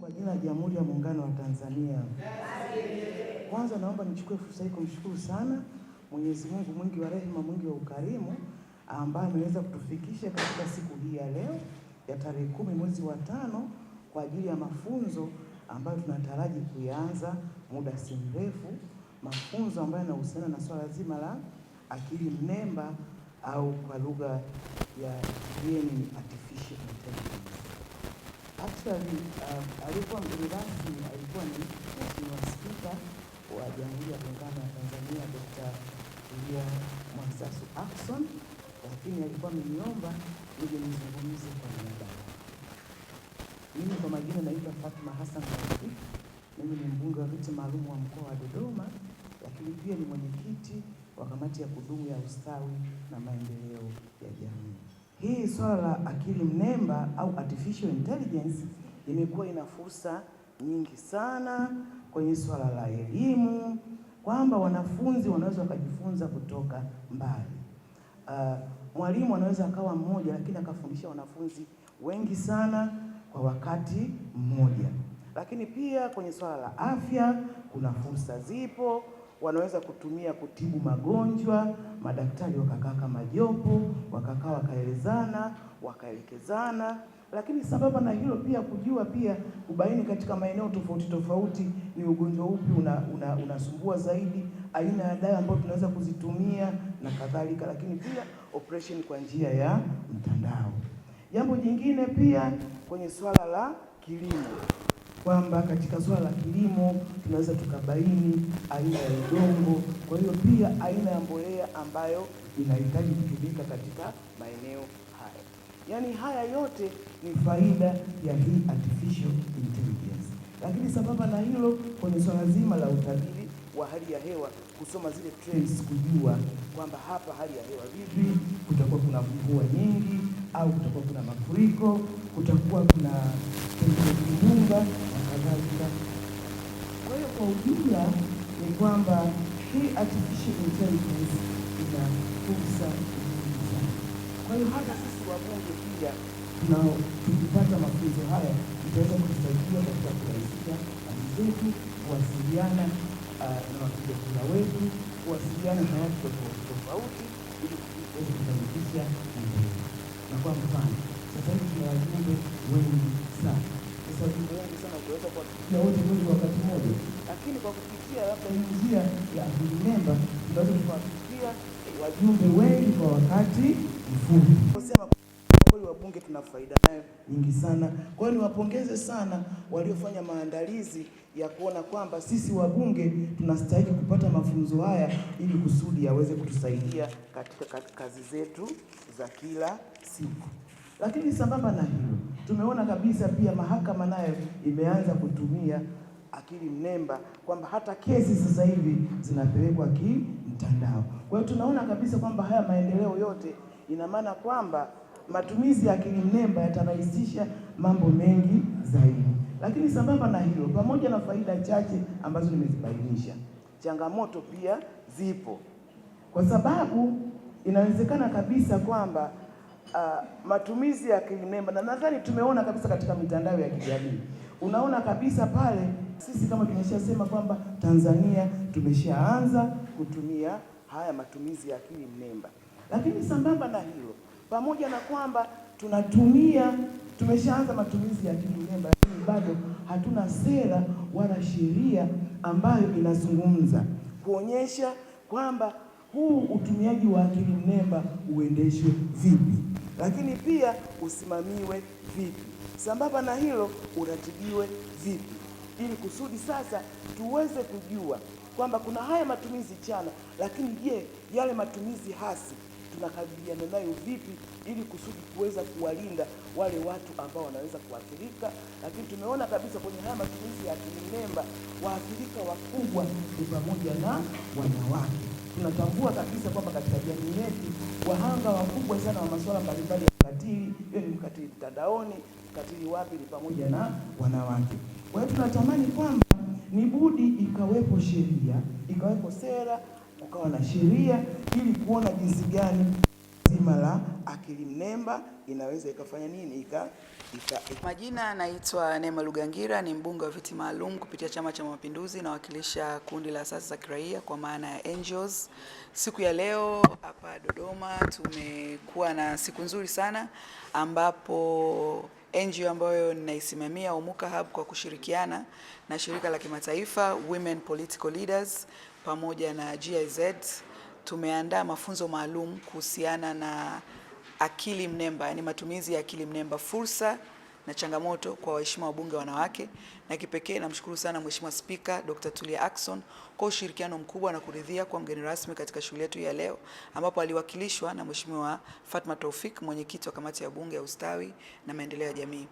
Kwa jina la Jamhuri ya Muungano wa Tanzania. Kwanza naomba nichukue fursa hii kumshukuru sana Mwenyezi Mungu mwingi wa rehema, mwingi wa ukarimu ambaye ameweza kutufikisha katika siku hii ya leo ya tarehe kumi mwezi wa tano kwa ajili ya mafunzo ambayo tunataraji kuyaanza muda si mrefu, mafunzo ambayo yanahusiana na swala zima la akili mnemba au kwa lugha ya kigeni artificial intelligence. Actually uh, um, alikuwa mgeni rasmi alikuwa ni Mheshimiwa Spika wa Jamhuri ya Muungano wa Tanzania Dr. Tulia Mwansasu Ackson, lakini alikuwa ameniomba nije nizungumze kwa niaba Mimi kwa majina naitwa Fatma Hassan Taufik, mimi ni mbunge wa viti maalum wa mkoa wa Dodoma, lakini pia ni mwenyekiti wa kamati ya kudumu ya ustawi na maendeleo ya jamii. Hii swala la akili mnemba au artificial intelligence imekuwa ina fursa nyingi sana kwenye swala la elimu, kwamba wanafunzi wanaweza wakajifunza kutoka mbali. Uh, mwalimu anaweza akawa mmoja lakini akafundisha wanafunzi wengi sana kwa wakati mmoja. Lakini pia kwenye swala la afya kuna fursa zipo wanaweza kutumia kutibu magonjwa. Madaktari wakakaa kama jopo, wakakaa wakaelezana, wakaelekezana. Lakini sababu na hilo pia kujua pia kubaini katika maeneo tofauti tofauti ni ugonjwa upi una, una, unasumbua zaidi, aina ya dawa ambayo tunaweza kuzitumia na kadhalika, lakini pia operation kwa njia ya mtandao. Jambo jingine pia kwenye swala la kilimo kwamba katika suala la kilimo tunaweza tukabaini aina ya udongo, kwa hiyo pia aina ya mbolea ambayo inahitaji kutumika katika maeneo haya. Yaani haya yote ni faida ya hii artificial intelligence. Lakini sambamba na hilo, kwenye swala zima la utabiri wa hali ya hewa, kusoma zile trends, kujua kwamba hapa hali ya hewa vipi, kutakuwa kuna mvua nyingi au kutakuwa kuna mafuriko, kutakuwa kuna kimbunga kadhalika. Kwa hiyo kwa ujumla ni kwamba hii artificial intelligence ina fursa nyingi sana. Kwa hiyo hata sisi wabunge pia tunao, tukipata mafunzo haya itaweza kutusaidia katika kurahisisha kazi zetu, kuwasiliana ah, na wapiga kura wetu, kuwasiliana na watu tofauti tofauti, ili tuweze kufanikisha maendeleo. Na kwa mfano sasa hivi tuna wajumbe wengi sana wajumbe wengi sana utaweza kuwafikia wote Mungu wakati mmoja, lakini kwa kupitia labda hii njia ya Remember tunaweza kuwafikia wajumbe wengi kwa wakati mfupi. Kusema kweli, wabunge tuna faida nayo nyingi sana. Kwa hiyo niwapongeze sana waliofanya maandalizi ya kuona kwamba sisi wabunge tunastahili kupata mafunzo haya ili kusudi yaweze kutusaidia katika kazi zetu za kila siku. Lakini sambamba na hilo, tumeona kabisa pia mahakama nayo imeanza kutumia akili mnemba kwamba hata kesi sasa hivi zinapelekwa kimtandao. Kwa hiyo tunaona kabisa kwamba haya maendeleo yote, ina maana kwamba matumizi ya akili mnemba yatarahisisha mambo mengi zaidi. Lakini sambamba na hilo, pamoja na faida chache ambazo nimezibainisha, changamoto pia zipo, kwa sababu inawezekana kabisa kwamba uh, matumizi ya akili mnemba, na nadhani tumeona kabisa katika mitandao ya kijamii, unaona kabisa pale, sisi kama tumeshasema kwamba Tanzania tumeshaanza kutumia haya matumizi ya akili mnemba, lakini sambamba na hilo, pamoja na kwamba tunatumia tumeshaanza matumizi ya akili mnemba, lakini bado hatuna sera wala sheria ambayo inazungumza kuonyesha kwamba huu utumiaji wa akili mnemba uendeshwe vipi lakini pia usimamiwe vipi. Sambamba na hilo, uratibiwe vipi, ili kusudi sasa tuweze kujua kwamba kuna haya matumizi chana, lakini je, yale matumizi hasi tunakabiliana nayo vipi, ili kusudi kuweza kuwalinda wale watu ambao wanaweza kuathirika. Lakini tumeona kabisa kwenye haya matumizi ya akili mnemba waathirika wakubwa ni pamoja na wanawake tunatambua kabisa kwamba katika jamii yetu wahanga wakubwa sana wa masuala mbalimbali ya ukatili, hiyo ni ukatili mtandaoni, ukatili wapi, ni pamoja na wanawake. Kwa hiyo tunatamani kwamba ni budi ikawepo sheria, ikawepo sera, ukawa na sheria ili kuona jinsi gani zima la akili mnemba inaweza ikafanya nini ika, ika, ika. Majina anaitwa Neema Lugangira, ni mbunge wa viti maalum kupitia Chama cha Mapinduzi, nawakilisha kundi la asasi za kiraia kwa maana ya NGOs. Siku ya leo hapa Dodoma tumekuwa na siku nzuri sana ambapo NGO ambayo ninaisimamia Umuka Hub kwa kushirikiana na shirika la kimataifa Women Political Leaders pamoja na GIZ tumeandaa mafunzo maalum kuhusiana na akili mnemba, yani matumizi ya akili mnemba, fursa na changamoto kwa waheshimiwa wabunge wanawake. Na kipekee namshukuru sana Mheshimiwa Spika Dr. Tulia Ackson kwa ushirikiano mkubwa na kuridhia kwa mgeni rasmi katika shughuli yetu ya leo, ambapo aliwakilishwa na Mheshimiwa Fatma Taufik, mwenyekiti wa kamati ya bunge ya ustawi na maendeleo ya jamii,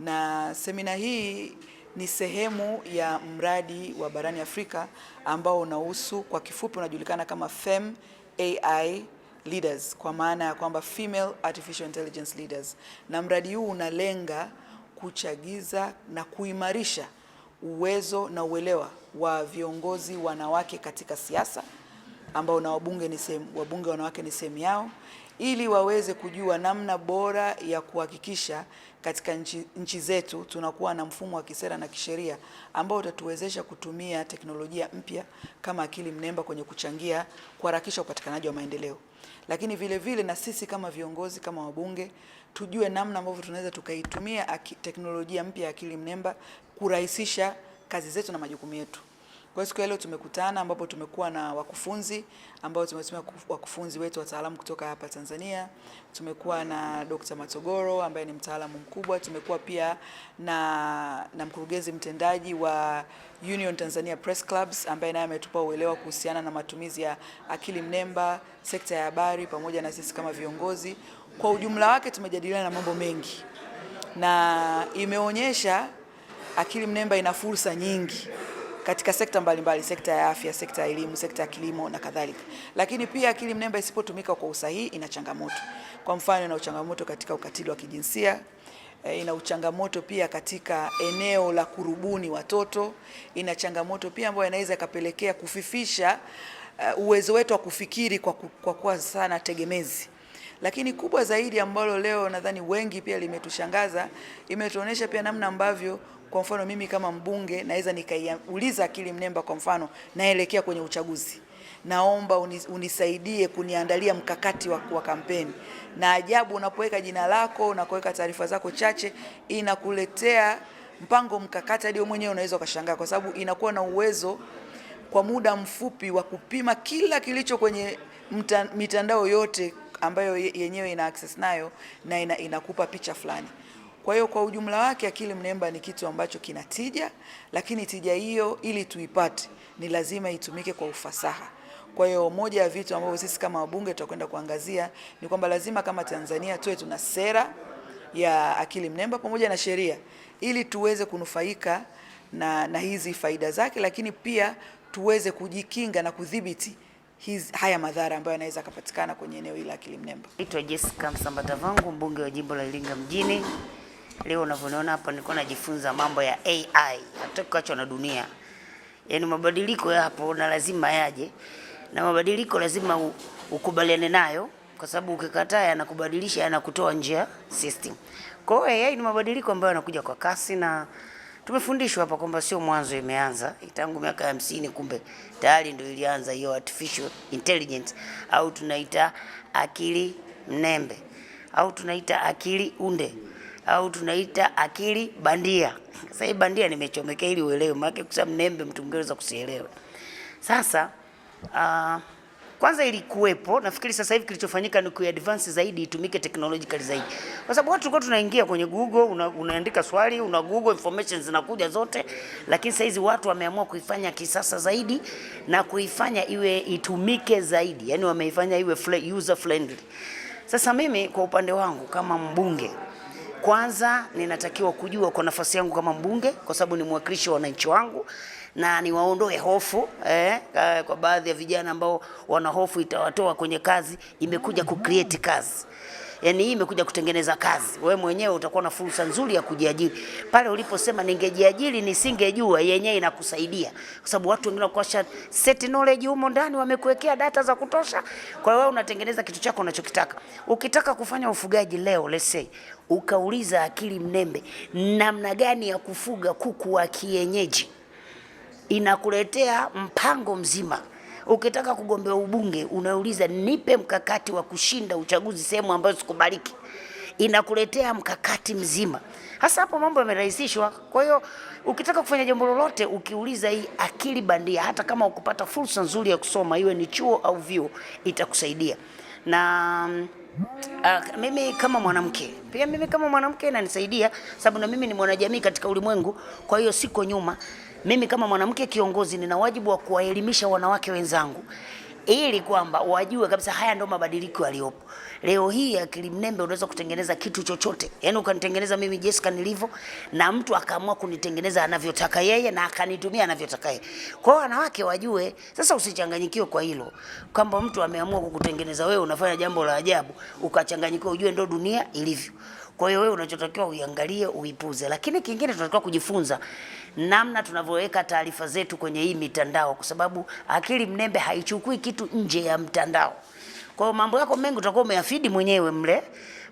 na semina hii ni sehemu ya mradi wa barani Afrika ambao unahusu kwa kifupi unajulikana kama FEM AI Leaders, kwa maana ya kwamba Female Artificial Intelligence Leaders, na mradi huu unalenga kuchagiza na kuimarisha uwezo na uelewa wa viongozi wanawake katika siasa ambao na wabunge ni sehemu, wabunge wanawake ni sehemu yao ili waweze kujua namna bora ya kuhakikisha katika nchi, nchi zetu tunakuwa na mfumo wa kisera na kisheria ambao utatuwezesha kutumia teknolojia mpya kama akili mnemba kwenye kuchangia kuharakisha upatikanaji wa maendeleo. Lakini vile vile na sisi kama viongozi, kama wabunge, tujue namna ambavyo tunaweza tukaitumia teknolojia mpya ya akili mnemba kurahisisha kazi zetu na majukumu yetu. Kwa siku ya leo tumekutana ambapo tumekuwa na wakufunzi ambao tumetumia wakufunzi wetu wataalamu kutoka hapa Tanzania. Tumekuwa na Dr. Matogoro ambaye ni mtaalamu mkubwa. Tumekuwa pia na, na mkurugenzi mtendaji wa Union Tanzania Press Clubs ambaye naye ametupa uelewa kuhusiana na matumizi ya akili mnemba, sekta ya habari pamoja na sisi kama viongozi. Kwa ujumla wake tumejadiliana na mambo mengi na imeonyesha akili mnemba ina fursa nyingi katika sekta mbalimbali, sekta ya afya, sekta ya elimu, sekta ya kilimo na kadhalika. Lakini pia akili mnemba isipotumika kwa usahihi ina changamoto. Kwa mfano, ina changamoto katika ukatili wa kijinsia eh, ina uchangamoto pia katika eneo la kurubuni watoto, ina changamoto pia ambayo inaweza ikapelekea kufifisha uh, uwezo wetu wa kufikiri kwa, kwa kuwa sana tegemezi. Lakini kubwa zaidi ambalo leo nadhani wengi pia limetushangaza, imetuonyesha pia namna ambavyo kwa mfano mimi kama mbunge naweza nikaiuliza akili mnemba, kwa mfano naelekea kwenye uchaguzi, naomba unisaidie kuniandalia mkakati wa, wa kampeni. Na ajabu, unapoweka jina lako na kuweka taarifa zako chache inakuletea mpango mkakati, hadi mwenyewe unaweza ukashangaa, kwa sababu inakuwa na uwezo kwa muda mfupi wa kupima kila kilicho kwenye mta, mitandao yote ambayo yenyewe ina access nayo na ina, inakupa picha fulani. Kwa hiyo kwa ujumla wake akili mnemba ni kitu ambacho kina tija, lakini tija hiyo ili tuipate ni lazima itumike kwa ufasaha. Kwa hiyo moja ya vitu ambavyo sisi kama wabunge tutakwenda kuangazia ni kwamba lazima kama Tanzania tuwe tuna sera ya akili mnemba pamoja na sheria ili tuweze kunufaika na, na hizi faida zake, lakini pia tuweze kujikinga na kudhibiti His, haya madhara ambayo yanaweza kupatikana kwenye eneo hili la akili mnemba. Naitwa Jessica Msambatavangu, mbunge wa jimbo la Iringa mjini. Leo unavyoniona hapa, nilikuwa najifunza mambo ya AI, hataki kuachwa na dunia. Yaani mabadiliko yapo na lazima yaje, na mabadiliko lazima ukubaliane nayo, kwa sababu ukikataa yanakubadilisha, yanakutoa nje ya system. Kwa hiyo AI ni mabadiliko ambayo yanakuja kwa kasi, na tumefundishwa hapa kwamba sio mwanzo imeanza tangu miaka ya hamsini, kumbe tayari ndio ilianza hiyo artificial intelligence au tunaita akili mnembe au tunaita akili unde au tunaita akili bandia. Sasa hii bandia nimechomeka ili uelewe, maana kwa mnembe mtu mgeweza kusielewa. Sasa uh, kwanza ilikuwepo, nafikiri sasa hivi kilichofanyika ni kuadvance zaidi, itumike technological zaidi, kwa sababu watu tulikuwa tunaingia kwenye Google una, unaandika swali una Google information zinakuja zote, lakini sasa hizi watu wameamua kuifanya kisasa zaidi na kuifanya iwe itumike zaidi, yani wameifanya iwe user friendly. Sasa mimi kwa upande wangu kama mbunge kwanza ninatakiwa kujua kwa nafasi yangu kama mbunge, kwa sababu ni mwakilishi wa wananchi wangu, na niwaondoe hofu eh, eh kwa baadhi ya vijana ambao wana hofu itawatoa kwenye kazi, imekuja kucreate kazi yani hii imekuja kutengeneza kazi. Wewe mwenyewe utakuwa na fursa nzuri ya kujiajiri. Pale uliposema ningejiajiri nisingejua, yenyewe inakusaidia kwa sababu watu wengine wako set knowledge humo ndani, wamekuwekea data za kutosha. Kwa hiyo wewe unatengeneza kitu chako unachokitaka. Ukitaka kufanya ufugaji leo, let's say ukauliza akili mnembe, namna gani ya kufuga kuku wa kienyeji, inakuletea mpango mzima. Ukitaka kugombea ubunge unauliza nipe mkakati wa kushinda uchaguzi sehemu ambayo sikubaliki, inakuletea mkakati mzima. Hasa hapo mambo yamerahisishwa. Kwa hiyo ukitaka kufanya jambo lolote, ukiuliza hii akili bandia, hata kama ukupata fursa nzuri ya kusoma, iwe ni chuo au vyuo, itakusaidia na mm, Uh, mimi kama mwanamke pia, mimi kama mwanamke inanisaidia sababu na mimi ni mwanajamii katika ulimwengu, kwa hiyo siko nyuma. Mimi kama mwanamke kiongozi, nina wajibu wa kuwaelimisha wanawake wenzangu ili kwamba wajue kabisa haya ndio mabadiliko yaliyopo leo hii. Akili mnembe unaweza kutengeneza kitu chochote, yaani ukanitengeneza mimi Jessica nilivyo, na mtu akaamua kunitengeneza anavyotaka yeye na akanitumia anavyotaka yeye. Kwa hiyo wanawake wajue sasa, usichanganyikiwe kwa hilo kwamba mtu ameamua kukutengeneza wewe, unafanya jambo la ajabu ukachanganyikiwa, ujue ndio dunia ilivyo. Kwa hiyo wewe unachotakiwa uiangalie, uipuze. Lakini kingine tunatakiwa kujifunza namna tunavyoweka taarifa zetu kwenye hii mitandao, kwa sababu akili mnembe haichukui kitu nje ya mtandao. Kwa hiyo mambo yako mengi utakuwa umeyafidi mwenyewe mle,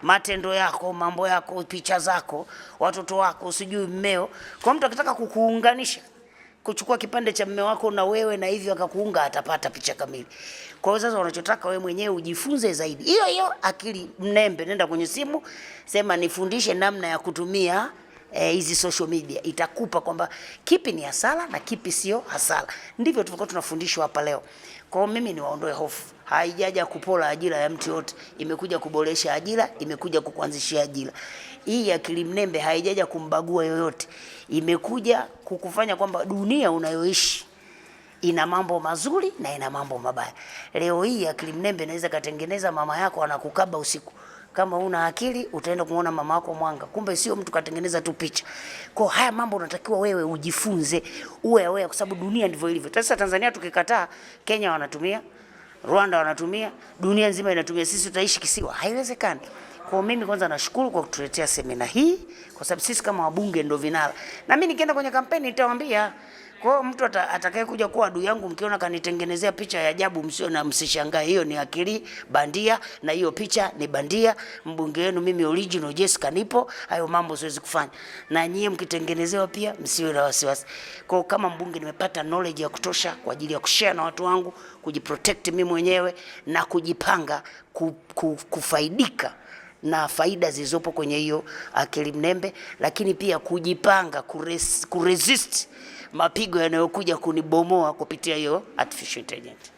matendo yako, mambo yako, picha zako, watoto wako, sijui mmeo. Kwa mtu akitaka kukuunganisha kuchukua kipande cha mme wako na wewe na hivyo akakuunga, atapata picha kamili. Kwa hiyo sasa, wanachotaka wewe mwenyewe ujifunze zaidi, hiyo hiyo akili mnembe, nenda kwenye simu, sema nifundishe namna ya kutumia eh, hizi e, social media itakupa kwamba kipi ni hasara na kipi sio hasara. Ndivyo tulikuwa tunafundishwa hapa leo. Kwa hiyo mimi niwaondoe hofu haijaja kupola ajira ya mtu yote, imekuja kuboresha ajira, imekuja kukuanzishia ajira. Hii ya kilimnembe haijaja kumbagua yoyote, imekuja kukufanya kwamba dunia unayoishi ina mambo mazuri na ina mambo mabaya. Leo hii ya kilimnembe inaweza katengeneza mama yako anakukaba usiku kama una akili utaenda kumwona mama yako mwanga, kumbe sio mtu katengeneza tu picha. Kwa haya mambo unatakiwa wewe ujifunze, uwe aware, kwa sababu dunia ndivyo ilivyo. Sasa Tanzania tukikataa, Kenya wanatumia Rwanda wanatumia, dunia nzima inatumia, sisi tutaishi kisiwa? Haiwezekani. Kwa mimi kwanza nashukuru kwa kutuletea semina hii, kwa sababu sisi kama wabunge ndio vinara, na mimi nikienda kwenye kampeni nitawaambia kwa hiyo mtu atakaye kuja kuwa adui yangu, mkiona kanitengenezea picha ya ajabu, msio na msishangae, hiyo ni akili bandia na hiyo picha ni bandia. Mbunge wenu mimi original Jessica nipo, hayo mambo siwezi kufanya. Na nyie mkitengenezewa pia msiwe na wasiwasi. Kwa hiyo kama mbunge nimepata knowledge ya kutosha kwa ajili ya kushare na watu wangu, kujiprotect mimi mwenyewe na kujipanga ku, ku, kufaidika na faida zilizopo kwenye hiyo akili mnembe, lakini pia kujipanga kuresist, kuresist mapigo yanayokuja kunibomoa kupitia hiyo artificial intelligence.